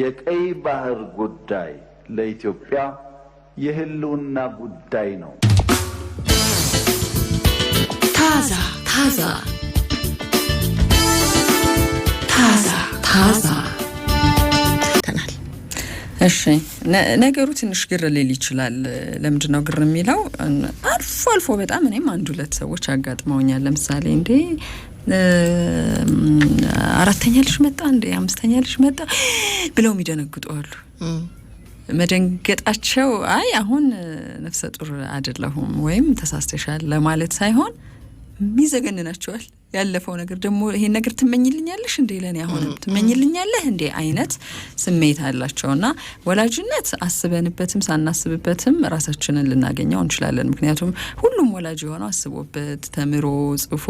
የቀይ ባህር ጉዳይ ለኢትዮጵያ የህልውና ጉዳይ ነው። ታዛ ታዛ ታዛ ታዛ እሺ ነገሩ ትንሽ ግር ሊል ይችላል። ለምንድን ነው ግር የሚለው? አልፎ አልፎ በጣም እኔም አንድ ሁለት ሰዎች አጋጥመውኛል። ለምሳሌ እንዴ አራተኛ ልጅ መጣ እንዴ አምስተኛ ልጅ መጣ ብለው የሚደነግጡ አሉ። መደንገጣቸው አይ አሁን ነፍሰ ጡር አይደለሁም ወይም ተሳስተሻል ለማለት ሳይሆን የሚዘገንናቸዋል። ያለፈው ነገር ደግሞ ይሄን ነገር ትመኝልኛለሽ እንዴ ለኔ አሁንም ትመኝልኛለህ እንዴ አይነት ስሜት እና ወላጅነት አስበንበትም ሳናስብበትም ራሳችንን ልናገኘው እንችላለን። ምክንያቱም ሁሉም ወላጅ የሆነው አስቦበት ተምሮ ጽፎ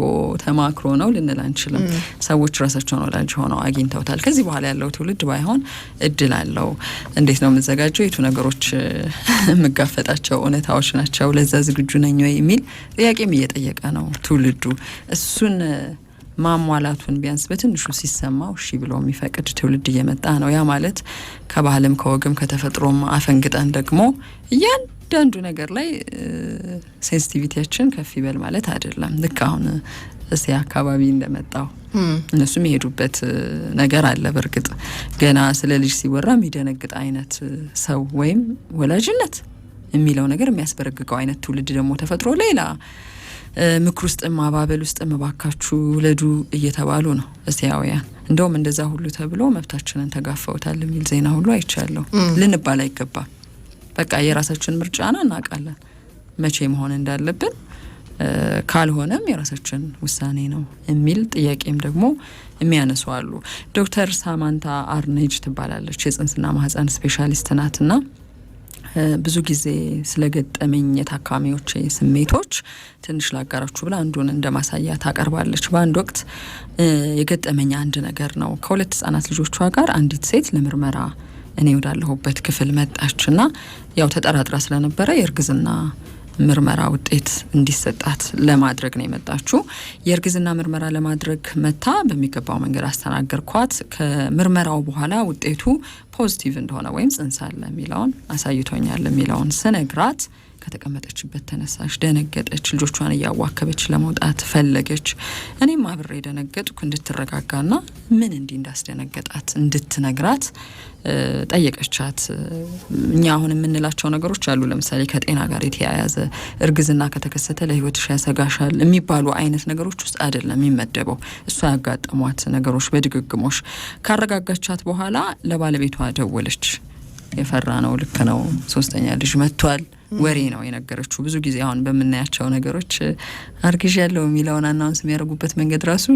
ተማክሮ ነው ልንል አንችልም። ሰዎች ራሳቸውን ወላጅ ሆነው አግኝተውታል። ከዚህ በኋላ ያለው ትውልድ ባይሆን እድል አለው። እንዴት ነው የምዘጋጀው? የቱ ነገሮች የምጋፈጣቸው እውነታዎች ናቸው? ለዛ ዝግጁ ነኝ ወይ የሚል ጥያቄም እየጠየቀ ነው ትውልዱ እሱን ማሟላቱን ቢያንስ በትንሹ ሲሰማው እሺ ብሎ የሚፈቅድ ትውልድ እየመጣ ነው። ያ ማለት ከባህልም ከወግም ከተፈጥሮም አፈንግጠን ደግሞ እያንዳንዱ ነገር ላይ ሴንስቲቪቲያችን ከፍ ይበል ማለት አይደለም። ልክ አሁን እስያ አካባቢ እንደመጣው እነሱም የሄዱበት ነገር አለ። በእርግጥ ገና ስለ ልጅ ሲወራ የሚደነግጥ አይነት ሰው ወይም ወላጅነት የሚለው ነገር የሚያስበረግቀው አይነት ትውልድ ደግሞ ተፈጥሮ ሌላ ምክር ውስጥም ማባበል ውስጥም መባካችሁ ውለዱ እየተባሉ ነው እስያውያን። እንደውም እንደዛ ሁሉ ተብሎ መብታችንን ተጋፈውታል የሚል ዜና ሁሉ አይቻለሁ። ልንባል አይገባም። በቃ የራሳችን ምርጫና እናውቃለን መቼ መሆን እንዳለብን ካልሆነም የራሳችን ውሳኔ ነው የሚል ጥያቄም ደግሞ የሚያነሱ አሉ። ዶክተር ሳማንታ አርኔጅ ትባላለች። የጽንስና ማህፀን ስፔሻሊስት ናትና ብዙ ጊዜ ስለገጠመኝ የታካሚዎች ስሜቶች ትንሽ ላጋራችሁ ብላ አንዱን እንደ ማሳያ ታቀርባለች። በአንድ ወቅት የገጠመኝ አንድ ነገር ነው። ከሁለት ህጻናት ልጆቿ ጋር አንዲት ሴት ለምርመራ እኔ ወዳለሁበት ክፍል መጣች እና ያው ተጠራጥራ ስለነበረ የእርግዝና ምርመራ ውጤት እንዲሰጣት ለማድረግ ነው የመጣችው። የእርግዝና ምርመራ ለማድረግ መታ በሚገባው መንገድ አስተናገርኳት። ከምርመራው በኋላ ውጤቱ ፖዚቲቭ እንደሆነ ወይም ጽንስ የሚለውን አሳይቶኛል የሚለውን ስነግራት ከተቀመጠችበት ተነሳች፣ ደነገጠች፣ ልጆቿን እያዋከበች ለመውጣት ፈለገች። እኔም አብሬ ደነገጥኩ። እንድትረጋጋና ምን እንዲህ እንዳስደነገጣት እንድትነግራት ጠየቀቻት። እኛ አሁን የምንላቸው ነገሮች አሉ። ለምሳሌ ከጤና ጋር የተያያዘ እርግዝና ከተከሰተ ለህይወትሽ ያሰጋሻል የሚባሉ አይነት ነገሮች ውስጥ አይደለም የሚመደበው። እሷ ያጋጠሟት ነገሮች በድግግሞሽ ካረጋጋቻት በኋላ ለባለቤቷ ደወለች። የፈራ ነው ልክ ነው፣ ሶስተኛ ልጅ መጥቷል ወሬ ነው የነገረችው። ብዙ ጊዜ አሁን በምናያቸው ነገሮች አርግዥ ያለው የሚለውን አናውንስ የሚያደርጉበት መንገድ ራሱ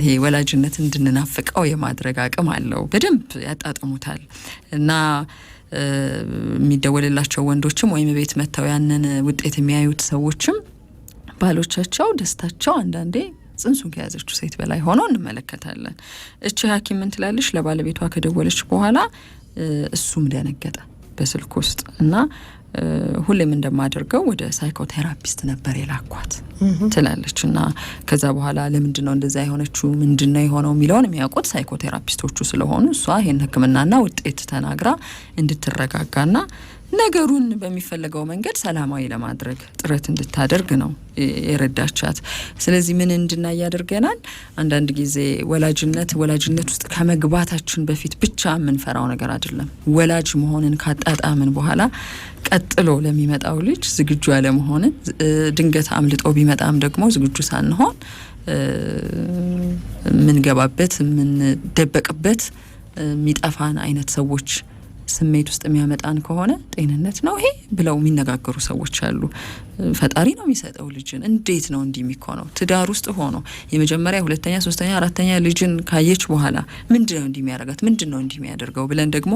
ይሄ ወላጅነት እንድንናፍቀው የማድረግ አቅም አለው። በደንብ ያጣጥሙታል እና የሚደወልላቸው ወንዶችም ወይም ቤት መጥተው ያንን ውጤት የሚያዩት ሰዎችም ባሎቻቸው ደስታቸው አንዳንዴ ጽንሱን ከያዘችው ሴት በላይ ሆኖ እንመለከታለን። እቺ ሐኪም ምን ትላለች? ለባለቤቷ ከደወለች በኋላ እሱም ደነገጠ። በስልክ ውስጥ እና ሁሌም እንደማደርገው ወደ ሳይኮቴራፒስት ነበር የላኳት ትላለች። እና ከዛ በኋላ ለምንድን ነው እንደዛ የሆነችው ምንድን ነው የሆነው የሚለውን የሚያውቁት ሳይኮቴራፒስቶቹ ስለሆኑ እሷ ይህን ሕክምናና ውጤት ተናግራ እንድትረጋጋና ነገሩን በሚፈለገው መንገድ ሰላማዊ ለማድረግ ጥረት እንድታደርግ ነው የረዳቻት። ስለዚህ ምን እንድናይ ያደርገናል? አንዳንድ ጊዜ ወላጅነት ወላጅነት ውስጥ ከመግባታችን በፊት ብቻ የምንፈራው ነገር አይደለም። ወላጅ መሆንን ካጣጣምን በኋላ ቀጥሎ ለሚመጣው ልጅ ዝግጁ ያለመሆንን፣ ድንገት አምልጦ ቢመጣም ደግሞ ዝግጁ ሳንሆን የምንገባበት የምንደበቅበት የሚጠፋን አይነት ሰዎች ስሜት ውስጥ የሚያመጣን ከሆነ ጤንነት ነው ይሄ ብለው የሚነጋገሩ ሰዎች አሉ። ፈጣሪ ነው የሚሰጠው ልጅን። እንዴት ነው እንዲህ የሚኮነው? ትዳር ውስጥ ሆኖ የመጀመሪያ፣ ሁለተኛ፣ ሶስተኛ፣ አራተኛ ልጅን ካየች በኋላ ምንድን ነው እንዲህ የሚያደርጋት? ምንድን ነው እንዲህ የሚያደርገው ብለን ደግሞ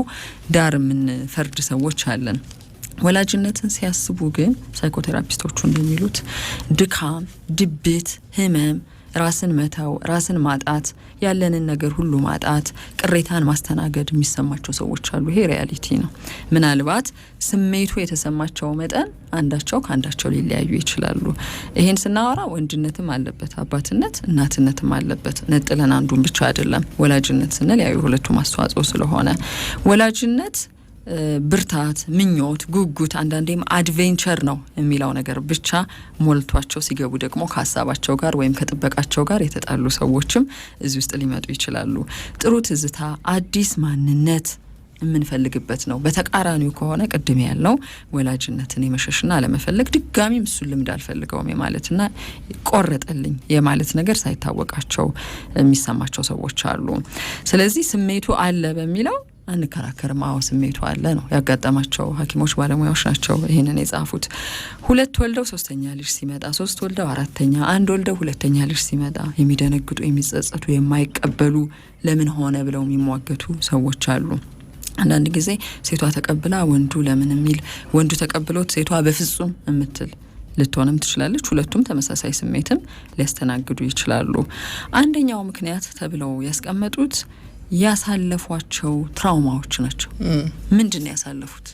ዳር የምንፈርድ ሰዎች አለን። ወላጅነትን ሲያስቡ ግን ሳይኮቴራፒስቶቹ እንደሚሉት ድካም፣ ድብት፣ ህመም ራስን መተው፣ ራስን ማጣት፣ ያለንን ነገር ሁሉ ማጣት፣ ቅሬታን ማስተናገድ የሚሰማቸው ሰዎች አሉ። ይሄ ሪያሊቲ ነው። ምናልባት ስሜቱ የተሰማቸው መጠን አንዳቸው ከአንዳቸው ሊለያዩ ይችላሉ። ይሄን ስናወራ ወንድነትም አለበት፣ አባትነት እናትነትም አለበት። ነጥለን አንዱን ብቻ አይደለም። ወላጅነት ስንል ያው የሁለቱም አስተዋጽኦ ስለሆነ ወላጅነት ብርታት፣ ምኞት፣ ጉጉት አንዳንዴም አድቬንቸር ነው የሚለው ነገር ብቻ ሞልቷቸው ሲገቡ ደግሞ ከሀሳባቸው ጋር ወይም ከጥበቃቸው ጋር የተጣሉ ሰዎችም እዚህ ውስጥ ሊመጡ ይችላሉ። ጥሩ ትዝታ፣ አዲስ ማንነት የምንፈልግበት ነው። በተቃራኒው ከሆነ ቅድም ያልነው ወላጅነትን የመሸሽና አለመፈለግ ድጋሚም እሱን ልምድ አልፈልገውም የማለትና ቆረጠልኝ የማለት ነገር ሳይታወቃቸው የሚሰማቸው ሰዎች አሉ። ስለዚህ ስሜቱ አለ በሚለው አንከራከርም። አዎ ስሜቱ አለ ነው። ያጋጠማቸው ሐኪሞች ባለሙያዎች ናቸው ይህንን የጻፉት። ሁለት ወልደው ሶስተኛ ልጅ ሲመጣ፣ ሶስት ወልደው አራተኛ፣ አንድ ወልደው ሁለተኛ ልጅ ሲመጣ የሚደነግጡ፣ የሚጸጸቱ፣ የማይቀበሉ ለምን ሆነ ብለው የሚሟገቱ ሰዎች አሉ። አንዳንድ ጊዜ ሴቷ ተቀብላ ወንዱ ለምን የሚል ወንዱ ተቀብሎት ሴቷ በፍጹም የምትል ልትሆንም ትችላለች። ሁለቱም ተመሳሳይ ስሜትም ሊያስተናግዱ ይችላሉ። አንደኛው ምክንያት ተብለው ያስቀመጡት ያሳለፏቸው ትራውማዎች ናቸው። ምንድን ነው ያሳለፉት?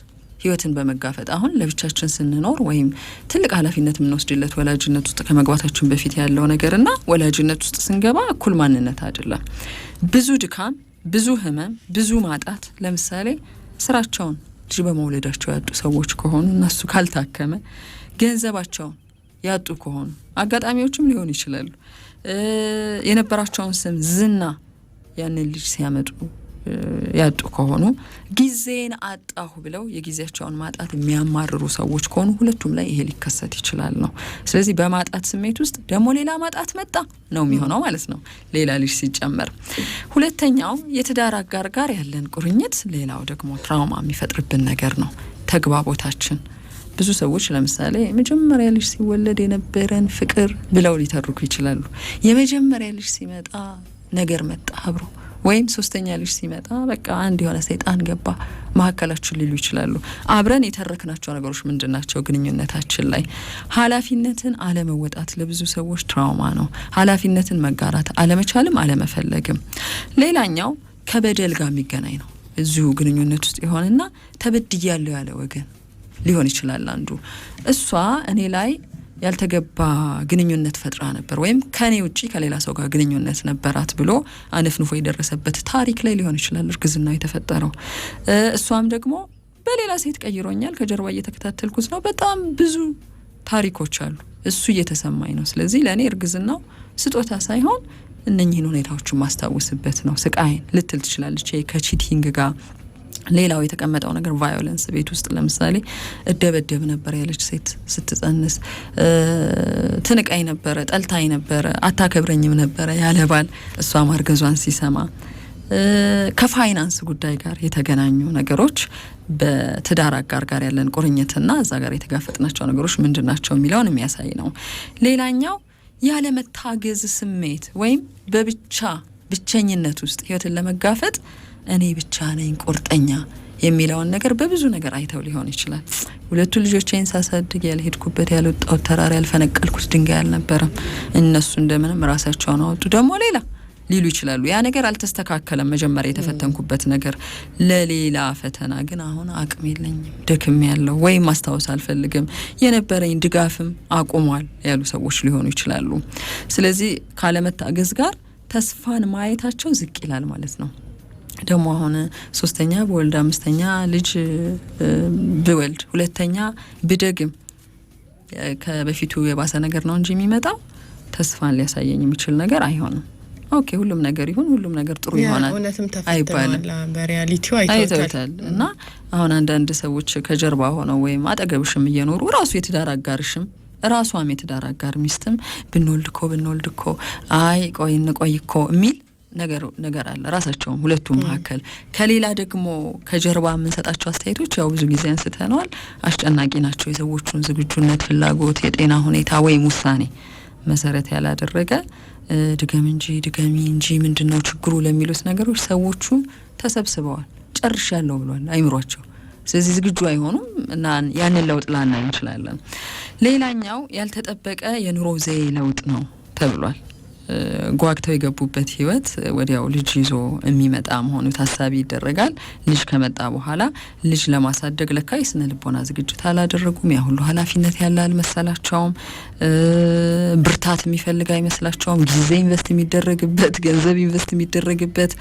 ህይወትን በመጋፈጥ አሁን ለብቻችን ስንኖር ወይም ትልቅ ኃላፊነት የምንወስድለት ወላጅነት ውስጥ ከመግባታችን በፊት ያለው ነገር እና ወላጅነት ውስጥ ስንገባ እኩል ማንነት አይደለም። ብዙ ድካም፣ ብዙ ህመም፣ ብዙ ማጣት። ለምሳሌ ስራቸውን ልጅ በመውለዳቸው ያጡ ሰዎች ከሆኑ እነሱ ካልታከመ፣ ገንዘባቸውን ያጡ ከሆኑ አጋጣሚዎችም ሊሆኑ ይችላሉ። የነበራቸውን ስም ዝና ያንን ልጅ ሲያመጡ ያጡ ከሆኑ ጊዜን አጣሁ ብለው የጊዜያቸውን ማጣት የሚያማርሩ ሰዎች ከሆኑ ሁለቱም ላይ ይሄ ሊከሰት ይችላል ነው። ስለዚህ በማጣት ስሜት ውስጥ ደግሞ ሌላ ማጣት መጣ ነው የሚሆነው ማለት ነው፣ ሌላ ልጅ ሲጨመር። ሁለተኛው የትዳር አጋር ጋር ያለን ቁርኝት፣ ሌላው ደግሞ ትራውማ የሚፈጥርብን ነገር ነው። ተግባቦታችን ብዙ ሰዎች ለምሳሌ የመጀመሪያ ልጅ ሲወለድ የነበረን ፍቅር ብለው ሊተርኩ ይችላሉ። የመጀመሪያ ልጅ ሲመጣ ነገር መጣ አብሮ ወይም ሶስተኛ ልጅ ሲመጣ በቃ አንድ የሆነ ሰይጣን ገባ መሀከላችን ሊሉ ይችላሉ። አብረን የተረክናቸው ነገሮች ምንድን ናቸው? ግንኙነታችን ላይ ኃላፊነትን አለመወጣት ለብዙ ሰዎች ትራውማ ነው። ኃላፊነትን መጋራት አለመቻልም፣ አለመፈለግም። ሌላኛው ከበደል ጋር የሚገናኝ ነው። እዚሁ ግንኙነት ውስጥ የሆነና ተበድያለሁ ያለ ወገን ሊሆን ይችላል አንዱ እሷ እኔ ላይ ያልተገባ ግንኙነት ፈጥራ ነበር ወይም ከኔ ውጪ ከሌላ ሰው ጋር ግንኙነት ነበራት ብሎ አነፍንፎ የደረሰበት ታሪክ ላይ ሊሆን ይችላል እርግዝናው የተፈጠረው። እሷም ደግሞ በሌላ ሴት ቀይሮኛል፣ ከጀርባ እየተከታተልኩት ነው። በጣም ብዙ ታሪኮች አሉ፣ እሱ እየተሰማኝ ነው። ስለዚህ ለእኔ እርግዝናው ስጦታ ሳይሆን እነኝህን ሁኔታዎችን ማስታወስበት ነው ስቃይን ልትል ትችላለች። ከቺቲንግ ጋር ሌላው የተቀመጠው ነገር ቫዮለንስ ቤት ውስጥ ለምሳሌ እደበደብ ነበር ያለች ሴት ስትጸንስ፣ ትንቃኝ ነበረ፣ ጠልታኝ ነበረ፣ አታከብረኝም ነበረ ያለ ባል እሷ ማርገዟን ሲሰማ ከፋይናንስ ጉዳይ ጋር የተገናኙ ነገሮች በትዳር አጋር ጋር ያለን ቁርኝትና እዛ ጋር የተጋፈጥናቸው ነገሮች ምንድን ናቸው የሚለውን የሚያሳይ ነው። ሌላኛው ያለመታገዝ ስሜት ወይም በብቻ ብቸኝነት ውስጥ ህይወትን ለመጋፈጥ እኔ ብቻ ነኝ ቁርጠኛ የሚለውን ነገር በብዙ ነገር አይተው ሊሆን ይችላል። ሁለቱ ልጆቼን ሳሳድግ ያልሄድኩበት ያልወጣው ተራራ ያልፈነቀልኩት ድንጋይ አልነበረም። እነሱ እንደምንም ራሳቸውን አወጡ። ደግሞ ሌላ ሊሉ ይችላሉ። ያ ነገር አልተስተካከለም። መጀመሪያ የተፈተንኩበት ነገር ለሌላ ፈተና ግን አሁን አቅም የለኝም፣ ደክም ያለው ወይም ማስታወስ አልፈልግም፣ የነበረኝ ድጋፍም አቁሟል ያሉ ሰዎች ሊሆኑ ይችላሉ። ስለዚህ ካለመታገዝ ጋር ተስፋን ማየታቸው ዝቅ ይላል ማለት ነው። ደግሞ አሁን ሶስተኛ በወልድ አምስተኛ ልጅ ብወልድ ሁለተኛ ብደግም ከበፊቱ የባሰ ነገር ነው እንጂ የሚመጣው ተስፋን ሊያሳየኝ የሚችል ነገር አይሆንም። ኦኬ ሁሉም ነገር ይሁን፣ ሁሉም ነገር ጥሩ ይሆናል አይባልም። በሪያሊቲው አይተውታል። እና አሁን አንዳንድ ሰዎች ከጀርባ ሆነው ወይም አጠገብሽም እየኖሩ ራሱ የትዳር አጋርሽም ራሷም የትዳር አጋር ሚስትም ብንወልድ ኮ ብንወልድ ኮ አይ ቆይ እንቆይ ኮ የሚል ነገር ነገር አለ ራሳቸውም ሁለቱ መካከል። ከሌላ ደግሞ ከጀርባ የምንሰጣቸው አስተያየቶች ያው ብዙ ጊዜ አንስተነዋል፣ አስጨናቂ ናቸው። የሰዎቹን ዝግጁነት፣ ፍላጎት፣ የጤና ሁኔታ ወይም ውሳኔ መሰረት ያላደረገ ድገም እንጂ ድገሚ እንጂ ምንድን ነው ችግሩ ለሚሉት ነገሮች ሰዎቹ ተሰብስበዋል። ጨርሻለሁ ብሏል አይምሯቸው። ስለዚህ ዝግጁ አይሆኑም እና ያንን ለውጥ ላና እንችላለን። ሌላኛው ያልተጠበቀ የኑሮ ዘዬ ለውጥ ነው ተብሏል። ጓግተው የገቡበት ህይወት ወዲያው ልጅ ይዞ የሚመጣ መሆኑ ታሳቢ ይደረጋል። ልጅ ከመጣ በኋላ ልጅ ለማሳደግ ለካ የስነ ልቦና ዝግጅት አላደረጉም። ያ ሁሉ ኃላፊነት ያለ አልመሰላቸውም። ብርታት የሚፈልግ አይመስላቸውም። ጊዜ ኢንቨስት የሚደረግበት ገንዘብ ኢንቨስት የሚደረግበት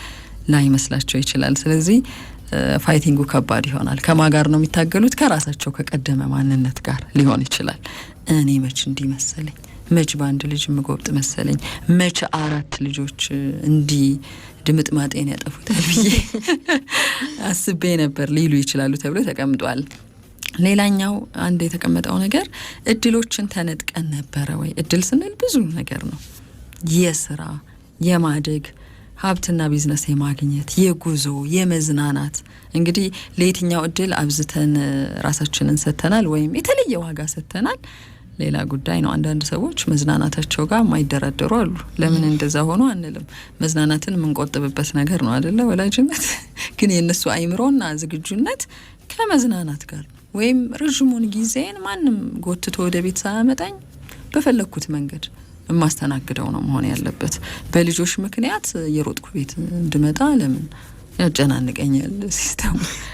ላይመስላቸው ይችላል። ስለዚህ ፋይቲንጉ ከባድ ይሆናል። ከማ ጋር ነው የሚታገሉት? ከራሳቸው ከቀደመ ማንነት ጋር ሊሆን ይችላል። እኔ መች እንዲመስለኝ መች በአንድ ልጅ የምጎብጥ መሰለኝ፣ መች አራት ልጆች እንዲህ ድምጥ ማጤን ያጠፉታል ብዬ አስቤ ነበር ሊሉ ይችላሉ ተብሎ ተቀምጧል። ሌላኛው አንድ የተቀመጠው ነገር እድሎችን ተነጥቀን ነበረ ወይ? እድል ስንል ብዙ ነገር ነው። የስራ የማደግ ሀብትና ቢዝነስ የማግኘት የጉዞ የመዝናናት እንግዲህ ለየትኛው እድል አብዝተን ራሳችንን ሰጥተናል ወይም የተለየ ዋጋ ሰጥተናል? ሌላ ጉዳይ ነው። አንዳንድ ሰዎች መዝናናታቸው ጋር ማይደራደሩ አሉ። ለምን እንደዛ ሆኖ አንልም። መዝናናትን የምንቆጥብበት ነገር ነው አደለ? ወላጅነት ግን የእነሱ አይምሮና ዝግጁነት ከመዝናናት ጋር ነው። ወይም ረዥሙን ጊዜን ማንም ጎትቶ ወደ ቤት ሳያመጣኝ በፈለግኩት መንገድ የማስተናግደው ነው መሆን ያለበት። በልጆች ምክንያት የሮጥኩ ቤት እንድመጣ ለምን ያጨናንቀኛል ሲስተሙ?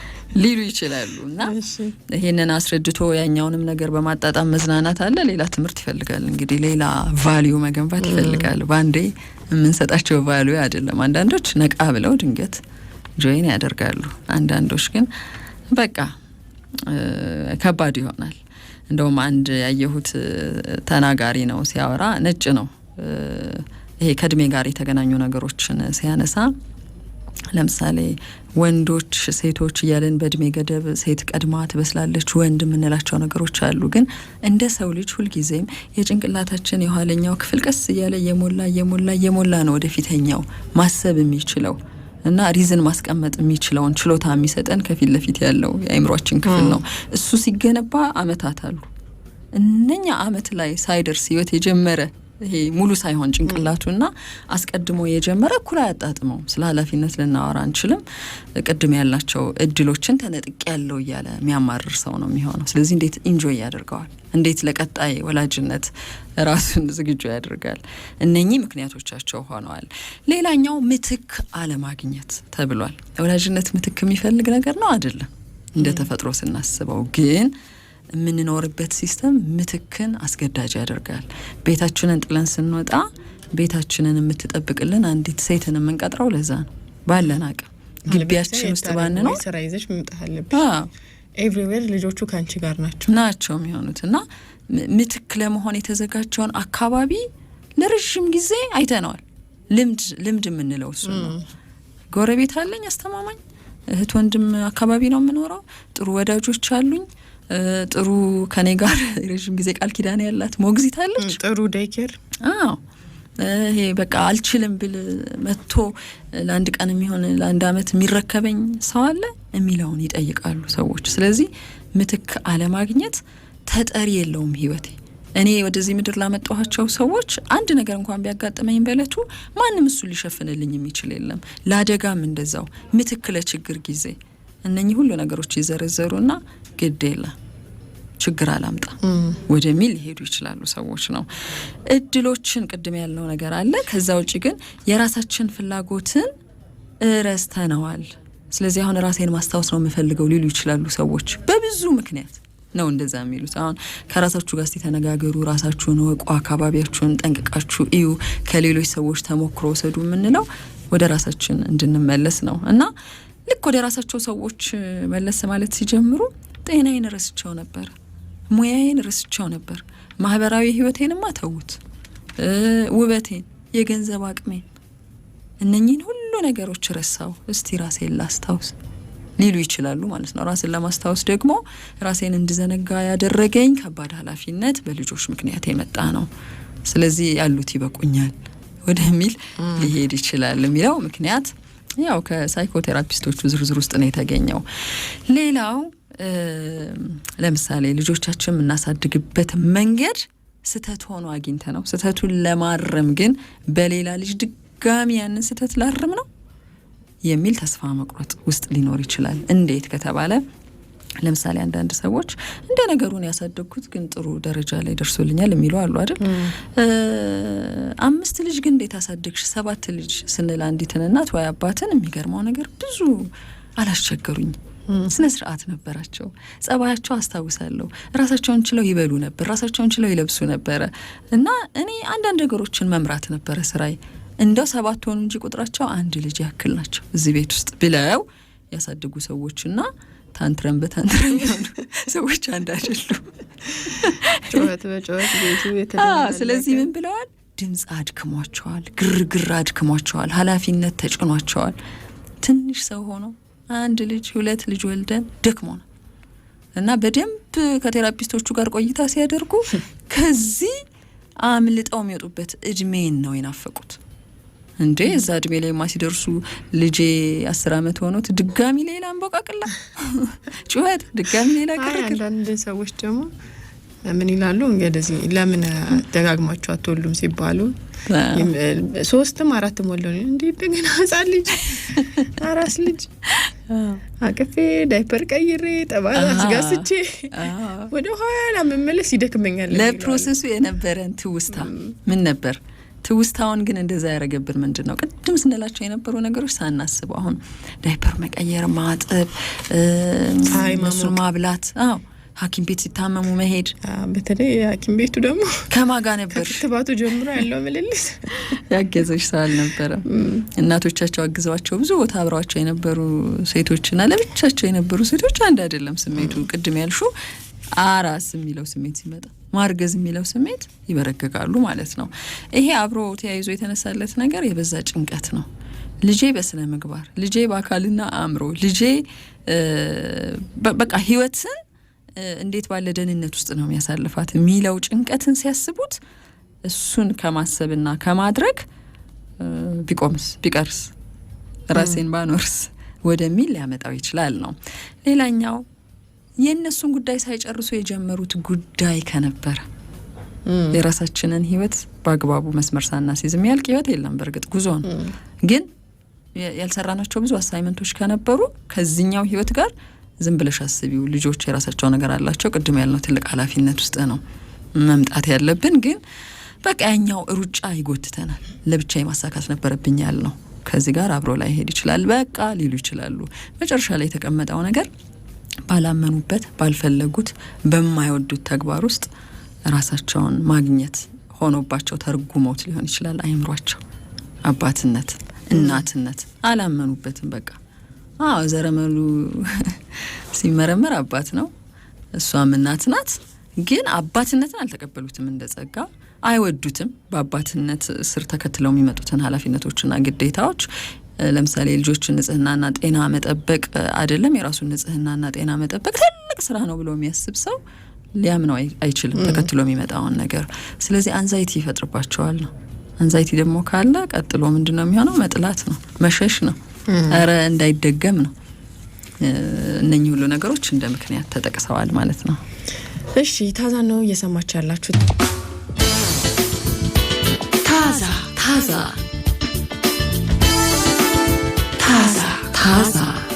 ሊሉ ይችላሉ እና ይህንን አስረድቶ ያኛውንም ነገር በማጣጣም መዝናናት አለ። ሌላ ትምህርት ይፈልጋል እንግዲህ ሌላ ቫሊዩ መገንባት ይፈልጋል። በአንዴ የምንሰጣቸው ቫሊዩ አይደለም። አንዳንዶች ነቃ ብለው ድንገት ጆይን ያደርጋሉ። አንዳንዶች ግን በቃ ከባድ ይሆናል። እንደውም አንድ ያየሁት ተናጋሪ ነው ሲያወራ ነጭ ነው። ይሄ ከእድሜ ጋር የተገናኙ ነገሮችን ሲያነሳ ለምሳሌ ወንዶች ሴቶች እያለን በእድሜ ገደብ ሴት ቀድማ ትበስላለች ወንድ የምንላቸው ነገሮች አሉ። ግን እንደ ሰው ልጅ ሁልጊዜም የጭንቅላታችን የኋለኛው ክፍል ቀስ እያለ እየሞላ እየሞላ እየሞላ ነው ወደፊተኛው ማሰብ የሚችለው እና ሪዝን ማስቀመጥ የሚችለውን ችሎታ የሚሰጠን ከፊት ለፊት ያለው የአይምሯችን ክፍል ነው። እሱ ሲገነባ አመታት አሉ። እነኛ አመት ላይ ሳይደርስ ህይወት የጀመረ ይሄ ሙሉ ሳይሆን ጭንቅላቱና አስቀድሞ የጀመረ እኩል አያጣጥመውም። ስለ ኃላፊነት ልናወራ አንችልም። ቅድም ያላቸው እድሎችን ተነጥቅ ያለው እያለ የሚያማርር ሰው ነው የሚሆነው። ስለዚህ እንዴት ኢንጆይ ያደርገዋል? እንዴት ለቀጣይ ወላጅነት ራሱን ዝግጁ ያደርጋል? እነኚህ ምክንያቶቻቸው ሆነዋል። ሌላኛው ምትክ አለማግኘት ተብሏል። ወላጅነት ምትክ የሚፈልግ ነገር ነው አይደለም? እንደ ተፈጥሮ ስናስበው ግን የምንኖርበት ሲስተም ምትክን አስገዳጅ ያደርጋል። ቤታችንን ጥለን ስንወጣ ቤታችንን የምትጠብቅልን አንዲት ሴትን የምንቀጥረው ለዛ ነው። ባለን አቅም ግቢያችን ውስጥ ባንኖር ስራ ይዘሽ መምጣት አለብሽ። ኤቭሪዌር ልጆቹ ከአንቺ ጋር ናቸው ናቸው የሚሆኑት እና ምትክ ለመሆን የተዘጋጀውን አካባቢ ለረዥም ጊዜ አይተነዋል። ልምድ ልምድ የምንለው እሱ ነው። ጎረቤት አለኝ አስተማማኝ እህት ወንድም አካባቢ ነው የምኖረው። ጥሩ ወዳጆች አሉኝ። ጥሩ ከኔ ጋር ረዥም ጊዜ ቃል ኪዳን ያላት ሞግዚት አለች። ጥሩ ዴይኬር አዎ ይሄ በቃ አልችልም ብል መጥቶ ለአንድ ቀን የሚሆን ለአንድ አመት የሚረከበኝ ሰው አለ የሚለውን ይጠይቃሉ ሰዎች። ስለዚህ ምትክ አለማግኘት ተጠሪ የለውም ህይወቴ። እኔ ወደዚህ ምድር ላመጣኋቸው ሰዎች አንድ ነገር እንኳን ቢያጋጥመኝ በእለቱ ማንም እሱ ሊሸፍንልኝ የሚችል የለም። ለአደጋም እንደዛው ምትክ ለችግር ጊዜ እነኚህ ሁሉ ነገሮች ይዘረዘሩና ግድ የለ ችግር አላምጣ ወደሚል ሊሄዱ ይችላሉ ሰዎች ነው። እድሎችን ቅድም ያለው ነገር አለ። ከዛ ውጭ ግን የራሳችን ፍላጎትን ረስተነዋል። ስለዚህ አሁን ራሴን ማስታወስ ነው የምፈልገው ሊሉ ይችላሉ ሰዎች በብዙ ምክንያት ነው እንደዛ የሚሉት። አሁን ከራሳችሁ ጋር ተነጋገሩ፣ ራሳችሁን ወቁ፣ አካባቢያችሁን ጠንቅቃችሁ እዩ፣ ከሌሎች ሰዎች ተሞክሮ ወሰዱ የምንለው ወደ ራሳችን እንድንመለስ ነው እና ልክ ወደ ራሳቸው ሰዎች መለስ ማለት ሲጀምሩ ጤናዬን ረስቸው ነበር፣ ሙያዬን ረስቸው ነበር። ማህበራዊ ህይወቴንማ ተዉት፣ ውበቴን፣ የገንዘብ አቅሜን፣ እነኚህን ሁሉ ነገሮች ረሳው። እስቲ ራሴን ላስታውስ ሊሉ ይችላሉ ማለት ነው። ራስን ለማስታወስ ደግሞ ራሴን እንድዘነጋ ያደረገኝ ከባድ ኃላፊነት በልጆች ምክንያት የመጣ ነው። ስለዚህ ያሉት ይበቁኛል ወደሚል ሊሄድ ይችላል የሚለው ምክንያት ያው ከሳይኮቴራፒስቶቹ ዝርዝር ውስጥ ነው የተገኘው። ሌላው ለምሳሌ ልጆቻችን የምናሳድግበት መንገድ ስህተት ሆኖ አግኝተ ነው። ስህተቱን ለማረም ግን በሌላ ልጅ ድጋሚ ያንን ስህተት ላርም ነው የሚል ተስፋ መቁረጥ ውስጥ ሊኖር ይችላል። እንዴት ከተባለ ለምሳሌ አንዳንድ ሰዎች እንደ ነገሩን ያሳደግኩት ግን ጥሩ ደረጃ ላይ ደርሶልኛል የሚሉ አሉ አይደል? አምስት ልጅ ግን እንዴት አሳደግሽ? ሰባት ልጅ ስንል አንዲትን እናት ወይ አባትን የሚገርመው ነገር ብዙ አላስቸገሩኝ ስነ ስርዓት ነበራቸው። ጸባያቸው አስታውሳለሁ። ራሳቸውን ችለው ይበሉ ነበር፣ ራሳቸውን ችለው ይለብሱ ነበረ እና እኔ አንዳንድ ነገሮችን መምራት ነበረ ስራዬ። እንደው ሰባት ሆኑ እንጂ ቁጥራቸው አንድ ልጅ ያክል ናቸው እዚህ ቤት ውስጥ ብለው ያሳድጉ ሰዎችና ታንትረን በታንትረን የሆኑ ሰዎች አንድ አይደሉም። ጩኸት በጩኸት ቤቱ የተለመደ ስለዚህ ምን ብለዋል? ድምፅ አድክሟቸዋል፣ ግርግር አድክሟቸዋል፣ ኃላፊነት ተጭኗቸዋል። ትንሽ ሰው ሆኖ አንድ ልጅ ሁለት ልጅ ወልደን ደክሞ ነው። እና በደንብ ከቴራፒስቶቹ ጋር ቆይታ ሲያደርጉ ከዚህ አምልጠው የሚወጡበት እድሜን ነው የናፈቁት። እንዴ እዛ እድሜ ላይ ማ ሲደርሱ ልጄ አስር አመት ሆኖት ድጋሚ ሌላ እንቦቃቅላ ጩኸት፣ ድጋሚ ሌላ ቅርቅር። አንዳንድ ሰዎች ደግሞ ምን ይላሉ እንግዲህ ለምን ደጋግማችሁ አትወልዱም ሲባሉ ሶስትም አራትም ወልደው እንዴ እንደገና ህጻን ልጅ አራስ ልጅ አቅፌ ዳይፐር ቀይሬ ጠባ አስጋስቼ ወደ ኋላ መመለስ ይደክመኛል። ለፕሮሰሱ የነበረን ትውስታ ምን ነበር? ትውስታውን ግን እንደዛ ያደረገብን ምንድን ነው? ቅድም ስንላቸው የነበሩ ነገሮች ሳናስበው አሁን ዳይፐር መቀየር፣ ማጥብ፣ እሱን ማብላት አዎ ሐኪም ቤት ሲታመሙ መሄድ በተለይ ሐኪም ቤቱ ደግሞ ከማጋ ነበር ክትባቱ ጀምሮ ያለው ምልልስ ያገዘች ሰው አልነበረም። እናቶቻቸው አግዘዋቸው ብዙ ቦታ አብረዋቸው የነበሩ ሴቶችና ለብቻቸው የነበሩ ሴቶች አንድ አይደለም ስሜቱ። ቅድም ያልሹ አራስ የሚለው ስሜት ሲመጣ ማርገዝ የሚለው ስሜት ይበረግጋሉ ማለት ነው። ይሄ አብሮ ተያይዞ የተነሳለት ነገር የበዛ ጭንቀት ነው። ልጄ በስነ ምግባር፣ ልጄ በአካልና አእምሮ፣ ልጄ በቃ ህይወትን እንዴት ባለ ደህንነት ውስጥ ነው የሚያሳልፋት የሚለው ጭንቀትን ሲያስቡት እሱን ከማሰብና ከማድረግ ቢቆምስ ቢቀርስ ራሴን ባኖርስ ወደሚል ሊያመጣው ይችላል ነው። ሌላኛው የእነሱን ጉዳይ ሳይጨርሱ የጀመሩት ጉዳይ ከነበረ የራሳችንን ህይወት በአግባቡ መስመር ሳናስይዝ የሚያልቅ ህይወት የለም። በእርግጥ ጉዞ ነው፣ ግን ያልሰራናቸው ብዙ አሳይመንቶች ከነበሩ ከዚኛው ህይወት ጋር ዝም ብለሽ አስቢው። ልጆች የራሳቸው ነገር አላቸው። ቅድም ያልነው ትልቅ ኃላፊነት ውስጥ ነው መምጣት ያለብን። ግን በቃ ያኛው ሩጫ ይጎትተናል። ለብቻ የማሳካት ነበረብኝ ያልነው ከዚህ ጋር አብሮ ላይ ሄድ ይችላል በቃ ሊሉ ይችላሉ። መጨረሻ ላይ የተቀመጠው ነገር ባላመኑበት፣ ባልፈለጉት፣ በማይወዱት ተግባር ውስጥ ራሳቸውን ማግኘት ሆኖባቸው ተርጉመውት ሊሆን ይችላል። አይምሯቸው አባትነት፣ እናትነት አላመኑበትም በቃ አዎ ዘረመሉ ሲመረመር አባት ነው፣ እሷም እናት ናት። ግን አባትነትን አልተቀበሉትም እንደ ጸጋ አይወዱትም። በአባትነት ስር ተከትለው የሚመጡትን ኃላፊነቶችና ግዴታዎች ለምሳሌ የልጆችን ንጽህናና ጤና መጠበቅ አይደለም የራሱን ንጽህናና ጤና መጠበቅ ትልቅ ስራ ነው ብሎ የሚያስብ ሰው ሊያምነው አይችልም ተከትሎ የሚመጣውን ነገር። ስለዚህ አንዛይቲ ይፈጥርባቸዋል ነው። አንዛይቲ ደግሞ ካለ ቀጥሎ ምንድን ነው የሚሆነው? መጥላት ነው፣ መሸሽ ነው። እረ እንዳይደገም ነው። እነኚህ ሁሉ ነገሮች እንደ ምክንያት ተጠቅሰዋል ማለት ነው። እሺ ታዛ ነው እየሰማችሁ ያላችሁት። ታዛ ታዛ ታዛ ታዛ